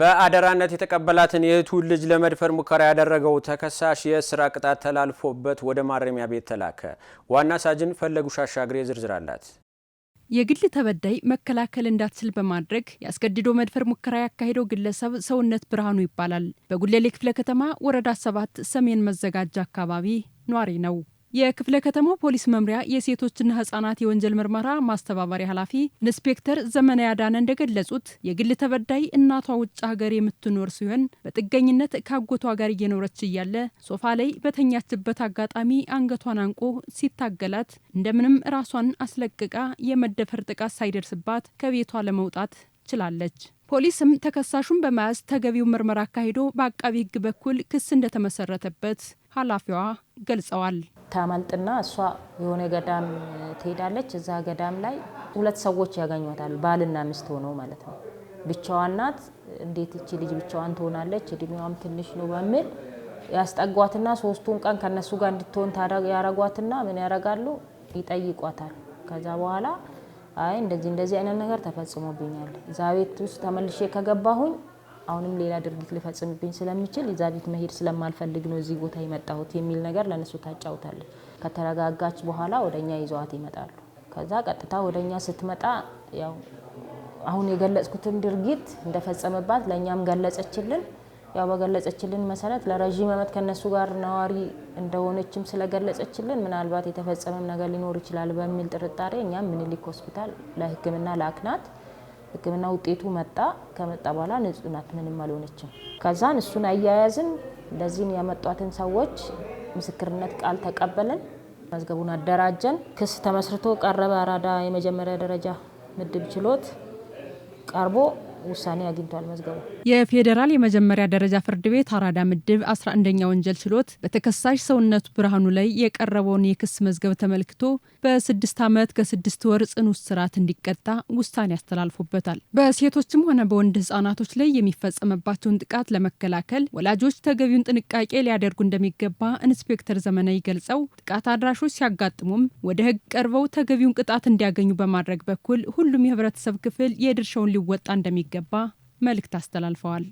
በአደራነት የተቀበላትን የእህቱን ልጅ ለመድፈር ሙከራ ያደረገው ተከሳሽ የስራ ቅጣት ተላልፎበት ወደ ማረሚያ ቤት ተላከ። ዋና ሳጅን ፈለጉ ሻሻግሬ ዝርዝር አላት። የግል ተበዳይ መከላከል እንዳትችል በማድረግ ያስገድዶ መድፈር ሙከራ ያካሄደው ግለሰብ ሰውነት ብርሃኑ ይባላል። በጉሌሌ ክፍለ ከተማ ወረዳ ሰባት ሰሜን መዘጋጃ አካባቢ ኗሪ ነው። የክፍለ ከተማው ፖሊስ መምሪያ የሴቶችና ህጻናት የወንጀል ምርመራ ማስተባበሪያ ኃላፊ ኢንስፔክተር ዘመነ ያዳነ እንደገለጹት የግል ተበዳይ እናቷ ውጭ ሀገር የምትኖር ሲሆን በጥገኝነት ካጎቷ ጋር እየኖረች እያለ ሶፋ ላይ በተኛችበት አጋጣሚ አንገቷን አንቆ ሲታገላት እንደምንም ራሷን አስለቅቃ የመደፈር ጥቃት ሳይደርስባት ከቤቷ ለመውጣት ችላለች። ፖሊስም ተከሳሹን በመያዝ ተገቢው ምርመራ አካሂዶ በአቃቢ ህግ በኩል ክስ እንደተመሰረተበት ኃላፊዋ ገልጸዋል። ታመልጥና እሷ የሆነ ገዳም ትሄዳለች። እዛ ገዳም ላይ ሁለት ሰዎች ያገኟታል፣ ባልና ሚስት ሆነው ማለት ነው። ብቻዋን ናት። እንዴት እቺ ልጅ ብቻዋን ትሆናለች? እድሜዋም ትንሽ ነው በሚል ያስጠጓትና ሶስቱን ቀን ከነሱ ጋር እንድትሆን ያረጓትና ምን ያረጋሉ? ይጠይቋታል። ከዛ በኋላ አይ እንደዚህ እንደዚህ አይነት ነገር ተፈጽሞብኛል፣ እዛ ቤት ውስጥ ተመልሼ ከገባሁኝ አሁንም ሌላ ድርጊት ሊፈጽምብኝ ስለሚችል እዛ ቤት መሄድ ስለማልፈልግ ነው እዚህ ቦታ የመጣሁት የሚል ነገር ለእነሱ ታጫውታለች። ከተረጋጋች በኋላ ወደ እኛ ይዘዋት ይመጣሉ። ከዛ ቀጥታ ወደ እኛ ስትመጣ ያው አሁን የገለጽኩትን ድርጊት እንደፈጸመባት ለእኛም ገለጸችልን። ያው በገለጸችልን መሰረት ለረዥም ዓመት ከነሱ ጋር ነዋሪ እንደሆነችም ስለገለጸችልን ምናልባት የተፈጸመም ነገር ሊኖር ይችላል በሚል ጥርጣሬ እኛም ምኒልክ ሆስፒታል ለሕክምና ላክናት። ህክምና ውጤቱ መጣ። ከመጣ በኋላ ንጹህ ናት፣ ምንም አልሆነችም። ከዛን እሱን አያያዝን እንደዚህም ያመጧትን ሰዎች ምስክርነት ቃል ተቀበለን፣ መዝገቡን አደራጀን። ክስ ተመስርቶ ቀረበ። አራዳ የመጀመሪያ ደረጃ ምድብ ችሎት ቀርቦ ውሳኔ አግኝቷል መዝገቡ። የፌዴራል የመጀመሪያ ደረጃ ፍርድ ቤት አራዳ ምድብ አስራ አንደኛ ወንጀል ችሎት በተከሳሽ ሰውነቱ ብርሃኑ ላይ የቀረበውን የክስ መዝገብ ተመልክቶ በስድስት ዓመት ከስድስት ወር ጽኑ እስራት እንዲቀጣ ውሳኔ አስተላልፎበታል። በሴቶችም ሆነ በወንድ ህጻናቶች ላይ የሚፈጸምባቸውን ጥቃት ለመከላከል ወላጆች ተገቢውን ጥንቃቄ ሊያደርጉ እንደሚገባ ኢንስፔክተር ዘመናዊ ገልጸው ጥቃት አድራሾች ሲያጋጥሙም ወደ ህግ ቀርበው ተገቢውን ቅጣት እንዲያገኙ በማድረግ በኩል ሁሉም የህብረተሰብ ክፍል የድርሻውን ሊወጣ እንደሚገ እንደሚገባ መልእክት አስተላልፈዋል።